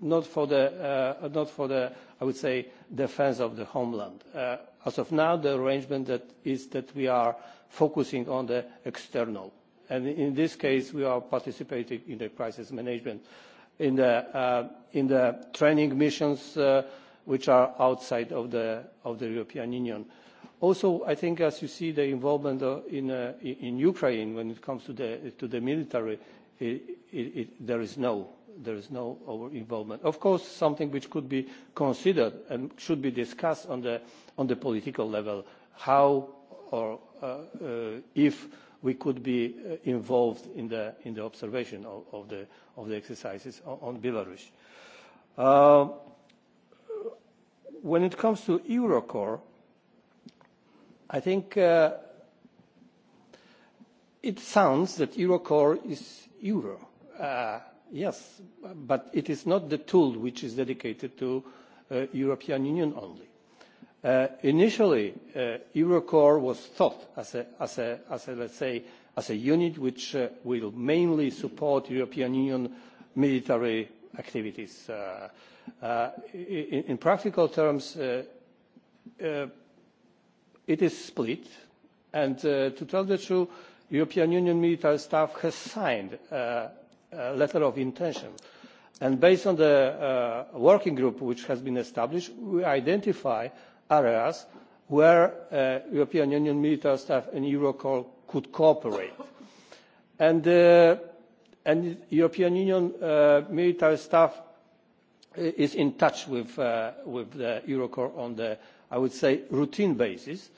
not for the, not for the, I would say, defense of the homeland. As of now, the arrangement that is that we are focusing on the external. And in this case, we are participating in the crisis management, in the, in the training missions, which are outside of the, of the European Union. Also, I think as you see, the involvement in, in Ukraine when it comes to the, to the military, it, it, it, there is no there is no over involvement. Of course, something which could be considered and should be discussed on the, on the political level, how or uh, uh, if we could be involved in the, in the observation of, of, the, of the exercises on, on Belarus. Uh, when it comes to Eurocore, I think uh, it sounds that Eurocore is Euro. Uh, yes, but it is not the tool which is dedicated to the European Union only. Uh initially, uh Eurocorps was thought as a, as a, as a, let's say, as a unit which uh will mainly support European Union military activities. Uh uh in, in practical terms, uh uh it is split, and uh to tell the truth, European Union military staff has signed letter of intention. And based on the uh, working group which has been established, we identify areas where uh, European Union military staff and Eurocall could cooperate. And, uh, and European Union uh, military staff is in touch with, uh, with the Eurocorps on the, I would say, routine basis.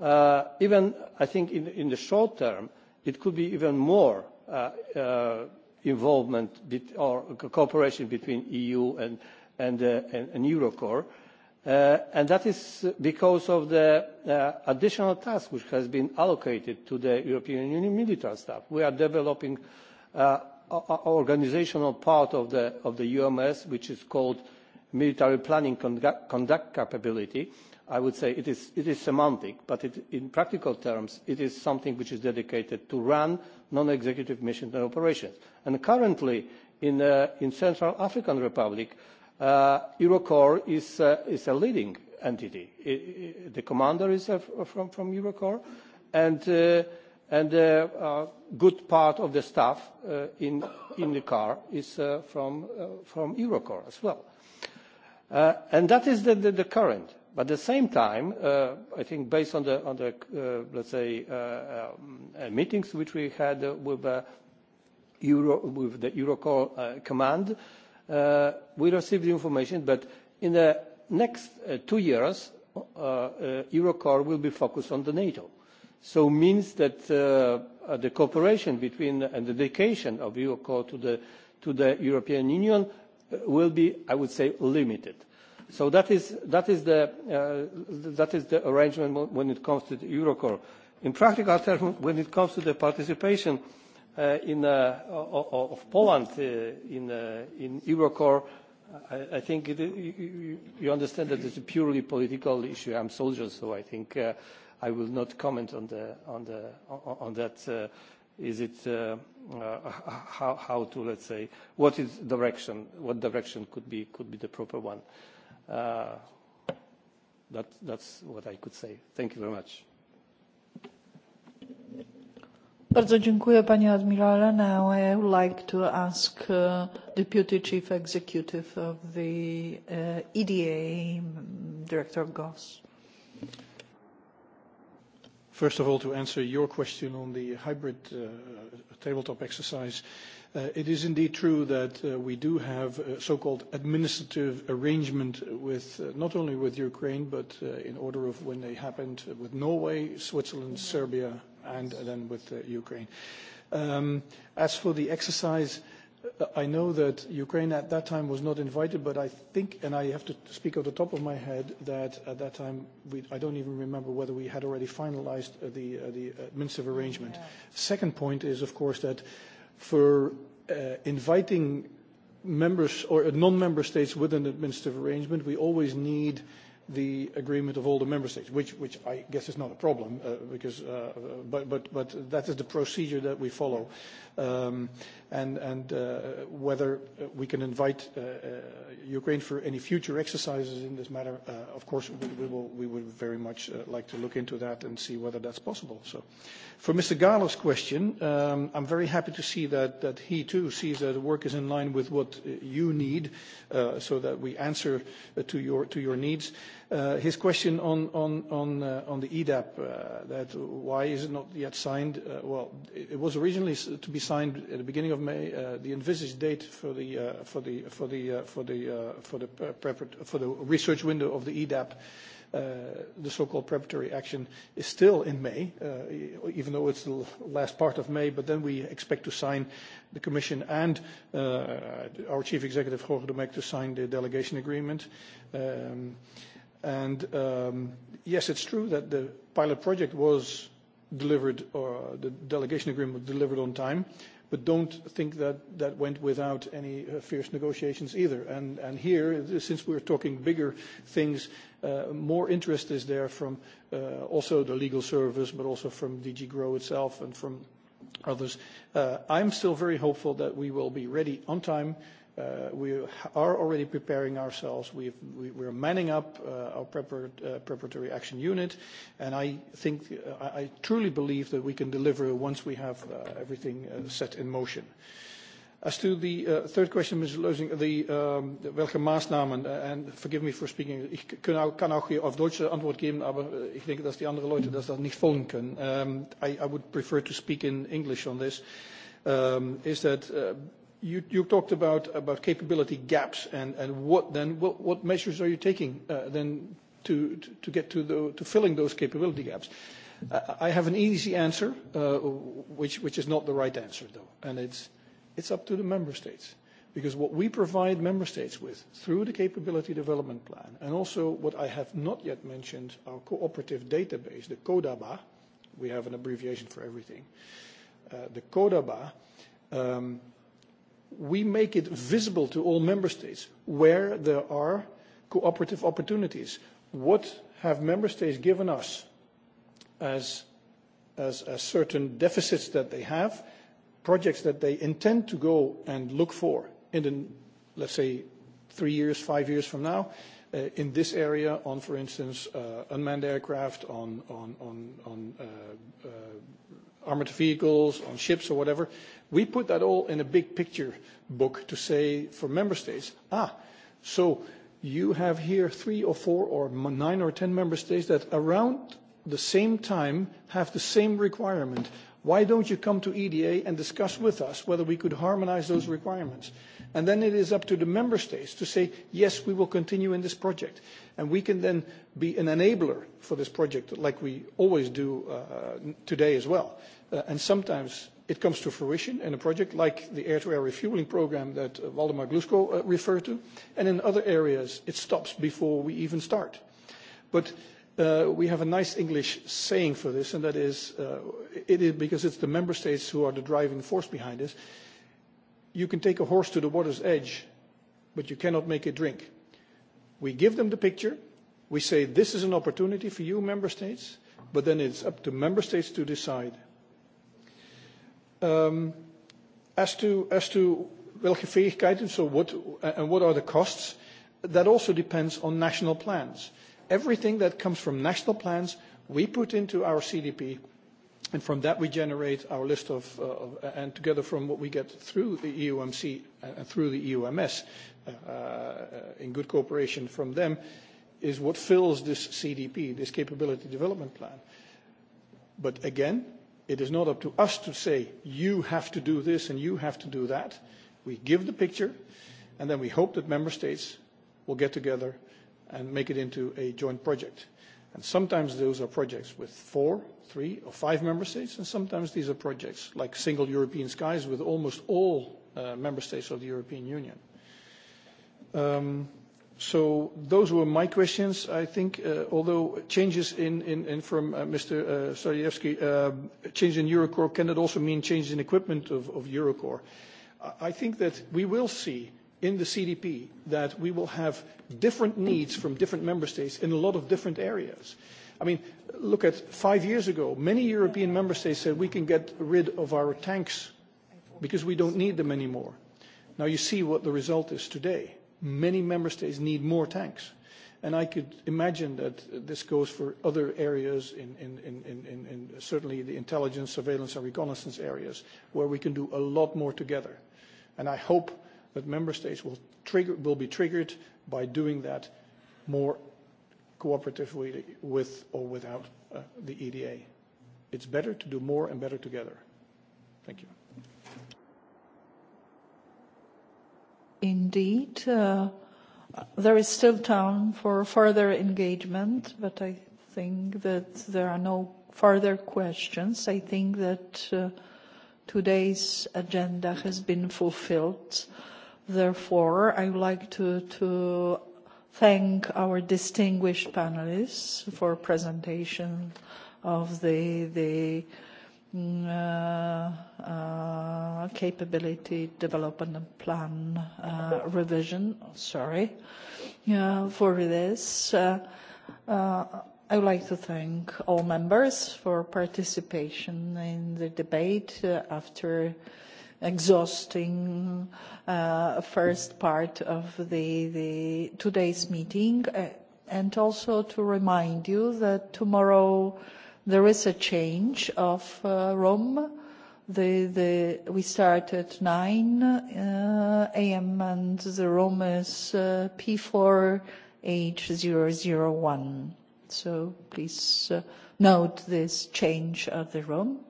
Uh, even, I think, in, in the short term, it could be even more uh, uh, involvement or cooperation between the EU and, and, uh, and, and Eurocorps. Uh, and that is because of the uh, additional task which has been allocated to the European Union military staff. We are developing uh, organisational part of the, of the UMS, which is called military planning conduct capability, I would say it is, it is semantic, but it, in practical terms, it is something which is dedicated to run non-executive missions and operations. And currently, in, uh, in Central African Republic, uh, Eurocorps is, uh, is a leading entity. I, I, the commander is uh, from, from Eurocorps, and, uh, and a uh, good part of the staff uh, in, in the car is uh, from, uh, from Eurocorps as well and that is the, the, the current. But at the same time, uh, I think based on the, on the uh, let's say, uh, um, uh, meetings which we had uh, with, uh, Euro, with the Eurocall uh, command, uh, we received the information that in the next uh, two years, uh, uh, Eurocall will be focused on the NATO. So means that uh, uh, the cooperation between and the dedication of Eurocall to the, to the European Union will be, I would say, limited. So that is, that is, the, uh, that is the arrangement when it comes to the Eurocorps. In practical terms, when it comes to the participation uh, in, uh, of Poland uh, in, uh, in Eurocorps, I, I think it, you, you understand that it's a purely political issue. I'm a soldier, so I think uh, I will not comment on, the, on, the, on that uh, Is it uh, uh, how, how to let's say what is direction? What direction could be could be the proper one? Uh, that that's what I could say. Thank you very much. Bardzo dziękuję panie admirale. Now I would like to ask uh, Deputy Chief Executive of the uh, EDA, Director Goss. First of all, to answer your question on the hybrid tabletop exercise, it is indeed true that we do have a so-called administrative arrangement with not only with Ukraine, but in order of when they happened with Norway, Switzerland, Serbia, and then with Ukraine. As for the exercise, I know that Ukraine at that time was not invited, but I think, and I have to speak off the top of my head, that at that time, we, I don't even remember whether we had already finalized the, uh, the Minsk arrangement. Second point is, of course, that for uh, inviting members or non-member states with an administrative arrangement, we always need the agreement of all the member states, which, which I guess is not a problem, uh, because, uh, but, but, but that is the procedure that we follow. Yeah um, and, and uh, whether we can invite uh, Ukraine for any future exercises in this matter. Uh, of course, we, we, will, we would very much uh, like to look into that and see whether that's possible. So, for Mr. Gala's question, um, I'm very happy to see that, that he too sees that the work is in line with what you need, uh, so that we answer uh, to your to your needs. His question on the EDAP, that why is it not yet signed? Well, it was originally to be signed at the beginning of May. The envisaged date for the research window of the EDAP the so-called preparatory action is still in May, even though it's the last part of May, but then we expect to sign the Commission and our Chief Executive, Jorge Domecq, to sign the delegation agreement. Um, And um, yes, it's true that the pilot project was delivered, or the delegation agreement was delivered on time, but don't think that that went without any uh, fierce negotiations either. And, and here, since we're talking bigger things, uh, more interest is there from uh, also the legal service, but also from DG Grow itself and from others. Uh, I'm still very hopeful that we will be ready on time We are already preparing ourselves. We're manning up our preparatory action unit, and I think I truly believe that we can deliver once we have everything set in motion. As to the third question, Ms. Leusing, the welke Maßnahmen, and forgive me for speaking, ich kann auch hier auf Deutsch Antwort geben, aber ich denke, dass die anderen Leute das dann nicht folgen können. I would prefer to speak in English on this. Is that You talked about capability gaps and what then what measures are you taking then to get to filling those capability gaps? I have an easy answer, which is not the right answer, though, and it's up to the member states. Because what we provide member states with through the capability development plan, and also what I have not yet mentioned, our cooperative database, the CODABA, we have an abbreviation for everything. The CODABA we make it visible to all member states where there are cooperative opportunities. What have member states given us as, as, as certain deficits that they have, projects that they intend to go and look for in the, let's say, three years, five years from now, in this area on, for instance, uh unmanned aircraft, on on on on uh armored vehicles, on ships or whatever. We put that all in a big picture book to say for member states, ah, so you have here three or four or nine or ten member states that around the same time have the same requirement. Why don't you come to EDA and discuss with us whether we could harmonise those requirements? And then it is up to the member states to say, yes, we will continue in this project. And we can then be an enabler for this project like we always do today as well. and sometimes it comes to fruition in a project like the air-to-air refueling program that Waldemar Glusko referred to. And in other areas, it stops before we even start. But we have a nice English saying for this, and that is, uh, it is because it's the member states who are the driving force behind this. You can take a horse to the water's edge, but you cannot make it drink. We give them the picture. We say this is an opportunity for you, member states, but then it's up to member states to decide. Um, as to as to welke fähigkeiten, so what and what are the costs? That also depends on national plans. Everything that comes from national plans, we put into our CDP, and from that we generate our list of, and together from what we get through the EUMC and through the EUMS, in good cooperation from them, is what fills this CDP, this capability development plan. But again, it is not up to us to say, "You have to do this, and you have to do that." We give the picture, and then we hope that member states will get together and make it into a joint project. And sometimes those are projects with four, three, or five member states, and sometimes these are projects like Single European Skies with almost all uh, member states of the European Union. Um, so those were my questions. I think, uh, although changes in, in, in from uh, Mr. Uh, Sarievsky, uh, change in Eurocorps can it also mean change in equipment of, of I I think that we will see in the CDP that we will have different needs from different member states in a lot of different areas. I mean, look at five years ago, many European member states said we can get rid of our tanks because we don't need them anymore. Now you see what the result is today. Many member states need more tanks. And I could imagine that this goes for other areas, in, in, in, in, in in certainly the intelligence, surveillance, and reconnaissance areas, where we can do a lot more together. And I hope but member states will trigger will be triggered by doing that more cooperatively with or without uh, the EDA. It's better to do more and better together. Thank you. Indeed, uh, there is still time for further engagement, but I think that there are no further questions. I think that uh, today's agenda has been fulfilled. Therefore, I would like to, to thank our distinguished panelists for presentation of the, the uh, capability development plan uh, revision, sorry, uh, for this. Uh, uh, I would like to thank all members for participation in the debate uh, after exhausting uh, first part of the, the today's meeting, uh, and also to remind you that tomorrow there is a change of uh, room. The, the, we start at 9:00 uh, a.m. and the room is uh, P4H001. So please note this change of the room.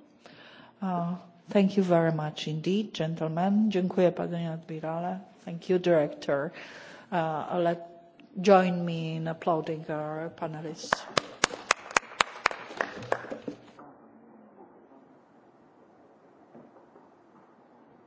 Uh, Thank you very much indeed, gentlemen. Dziękuję, panie admirale. Thank you, director. Uh, let join me in applauding our panelists.